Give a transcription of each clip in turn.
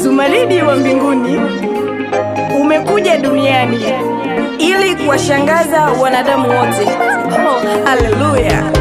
Zumaridi wa mbinguni umekuja duniani ili kuwashangaza wanadamu wote. Oh, Haleluya!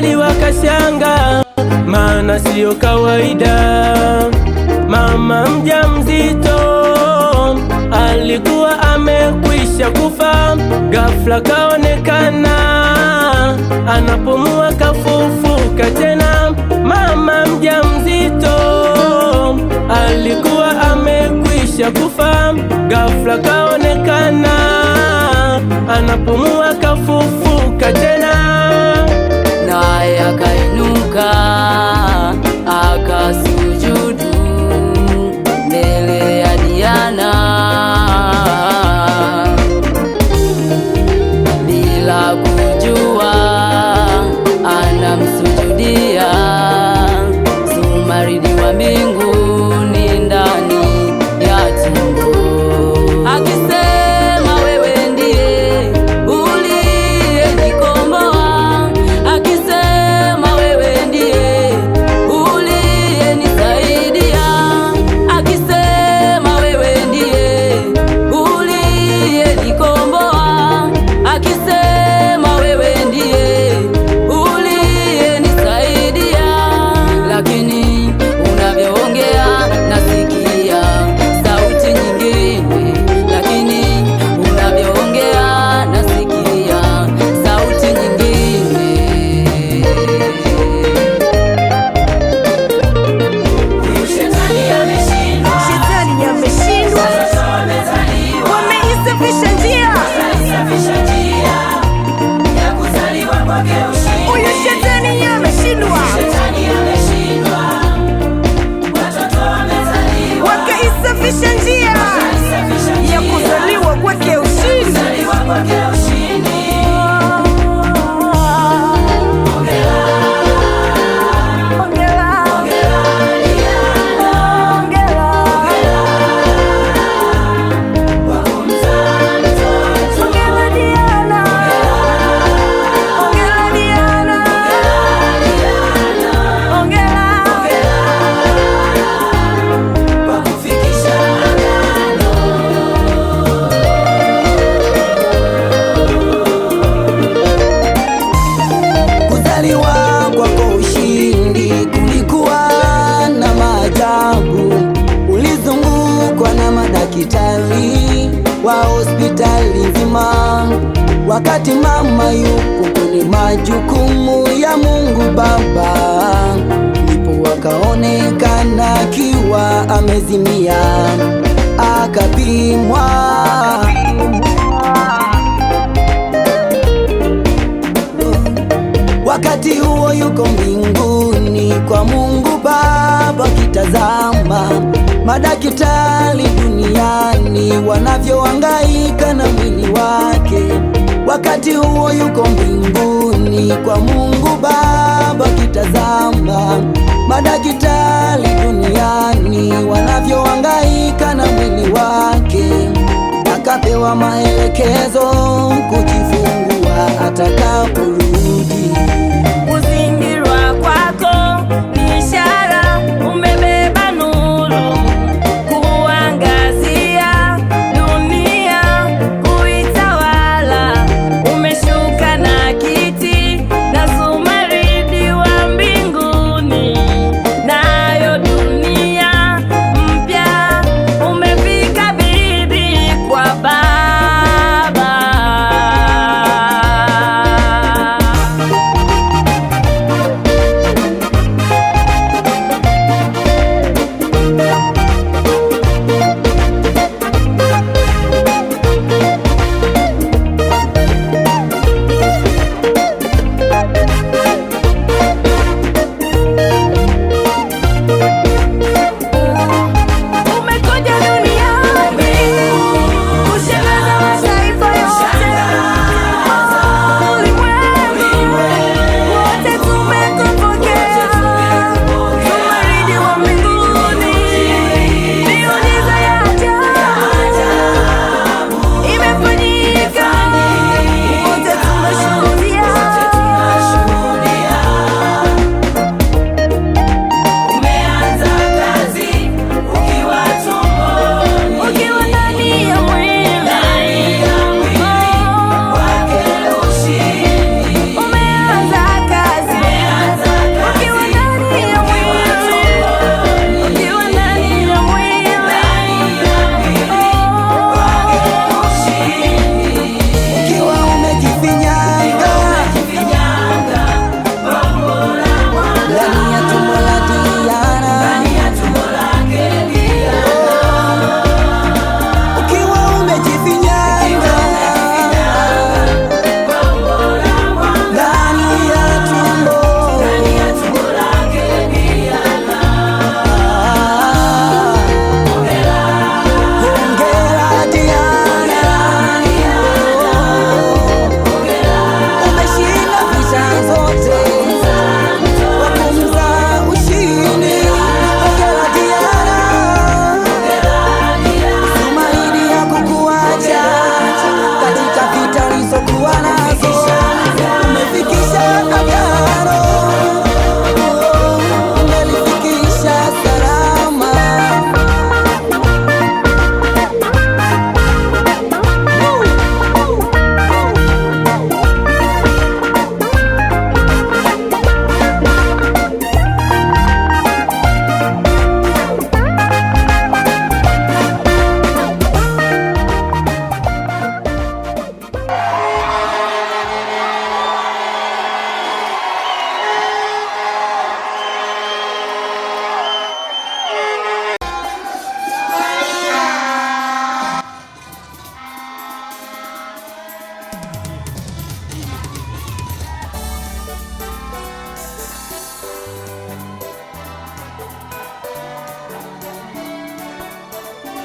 Wali wakashanga, maana siyo kawaida. Mama mjamzito alikuwa amekwisha kufa, ghafla kaonekana anapumua, kafufuka tena. Mama mjamzito alikuwa amekwisha kufa, ghafla kaonekana anapumua, kafufuka hospitali wa hospitali nzima, wakati mama yupo kwenye majukumu ya Mungu Baba, ndipo wakaonekana akiwa amezimia, akapimwa wakati huo yuko mbinguni kwa Mungu Baba kitazama Madaktari duniani wanavyohangaika na mwili wake, wakati huo yuko mbinguni kwa Mungu Baba kitazama. Madaktari duniani wanavyohangaika na mwili wake, akapewa maelekezo kujifungua atakaporudi.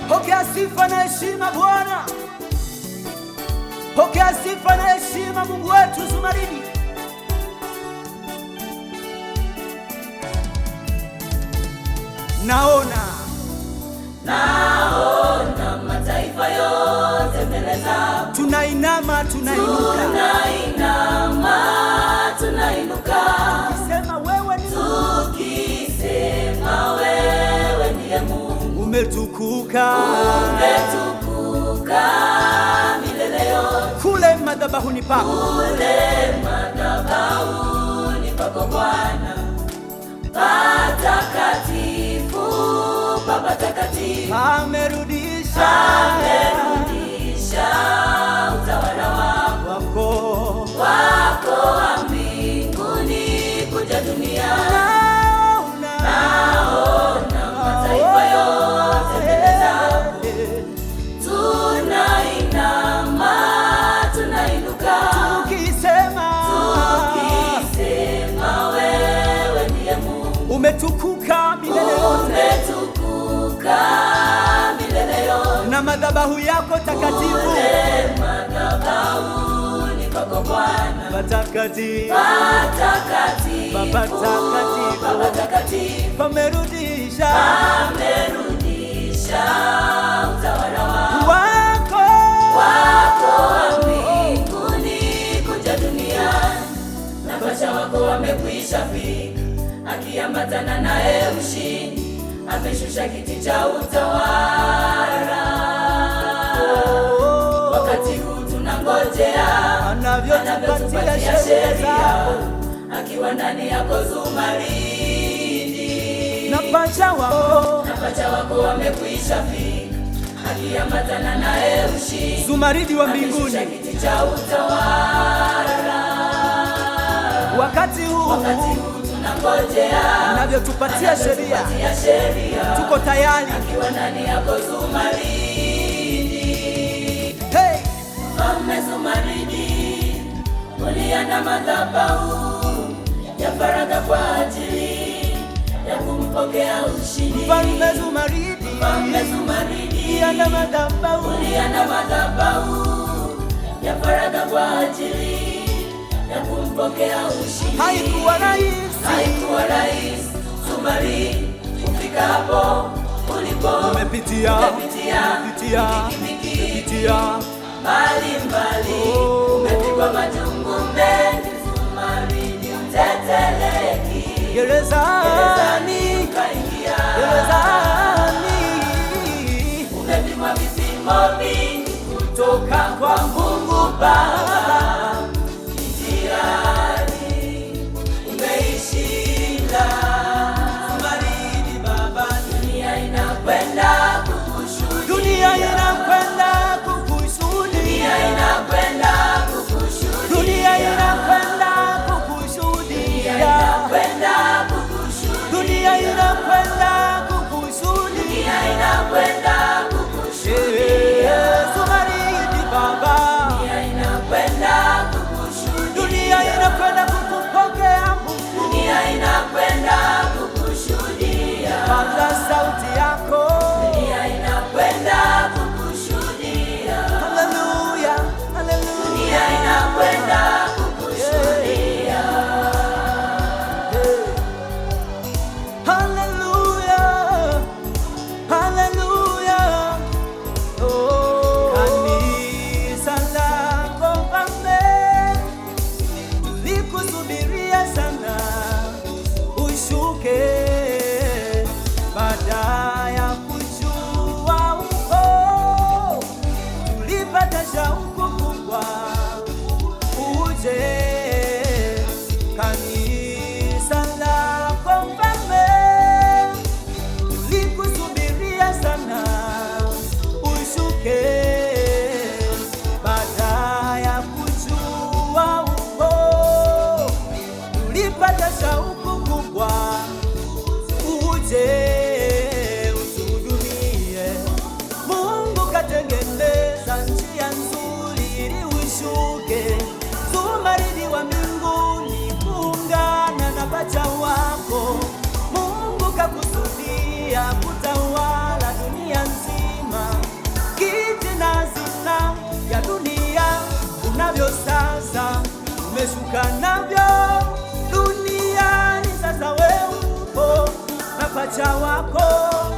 Pokea sifa na heshima Bwana, pokea sifa na heshima Mungu wetu Zumaridi. Naona, naona mataifa yote mbele zako, tunainama, tunainuka, tunainama, tunainuka, tukisema wewe ni Mungu, tukisema wewe ni Mungu umetukuka, umetukuka milele yote. Kule madhabahu ni pako, kule madhabahu ni pako Bwana patakatifu, Baba takatifu amerudisha, amerudisha utawala wako wako, wako madhabahu yako takatifu, pamerudisha wako na wamekwisha akiambatana naye mshindi, ameshusha kiti cha utawala anatungojea, anavyotupatia sheria akiwa ndani yako zumaridi. Na pacha wako, na pacha wako wamekwisha fika, akiambatana naye ushindi, zumaridi wa mbinguni, kiti cha utawala. Wakati huu, wakati huu tunangojea, anavyotupatia sheria, tuko tayari akiwa ndani yako zumaridi mlezo marini, ulianda madhabahu ya faragha kwa ajili ya kumpokea ushindi. Mfalme Zumaridi, Mfalme Zumaridi, ulianda madhabahu, ulianda madhabahu ya faragha kwa ajili ya kumpokea ushindi. Haikuwa rahisi, haikuwa rahisi Zumaridi kufika hapo ulipo, umepitia, umepitia, umepitia, umepitia mbalimbali umepigwa majungu mengi, msumari ni mteteleki, gerezani kaingia, umepimwa vipimo vingi kutoka kwa Mungu Baba. wacha wako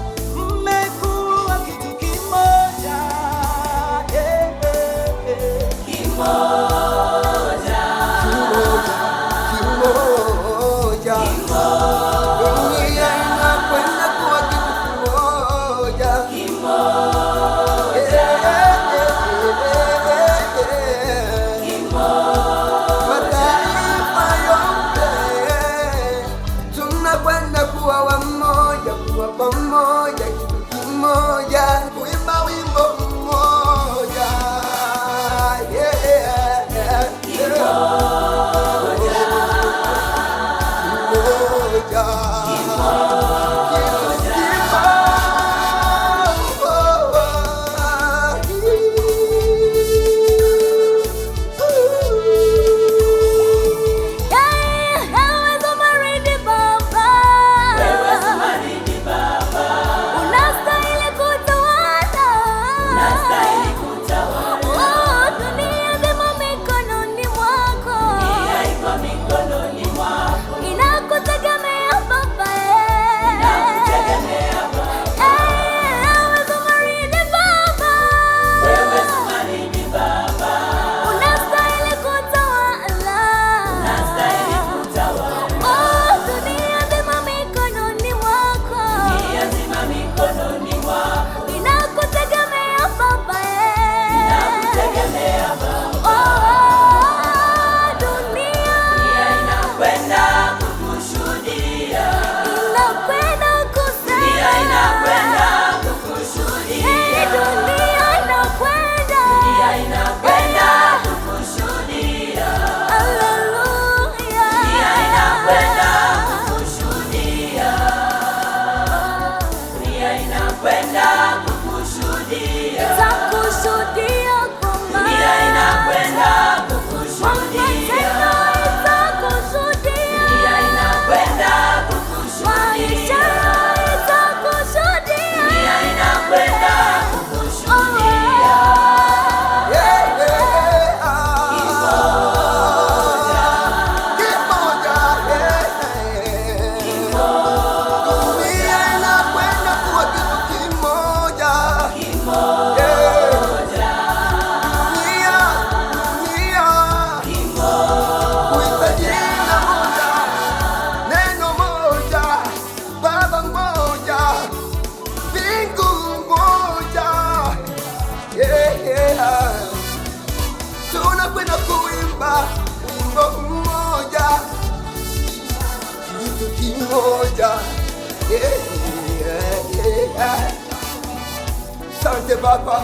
Asante Baba.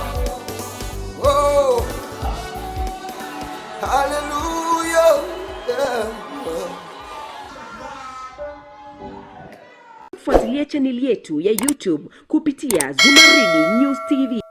Oh. Hallelujah. Yeah. Fuatilia chaneli yetu ya YouTube kupitia Zumaridi News TV.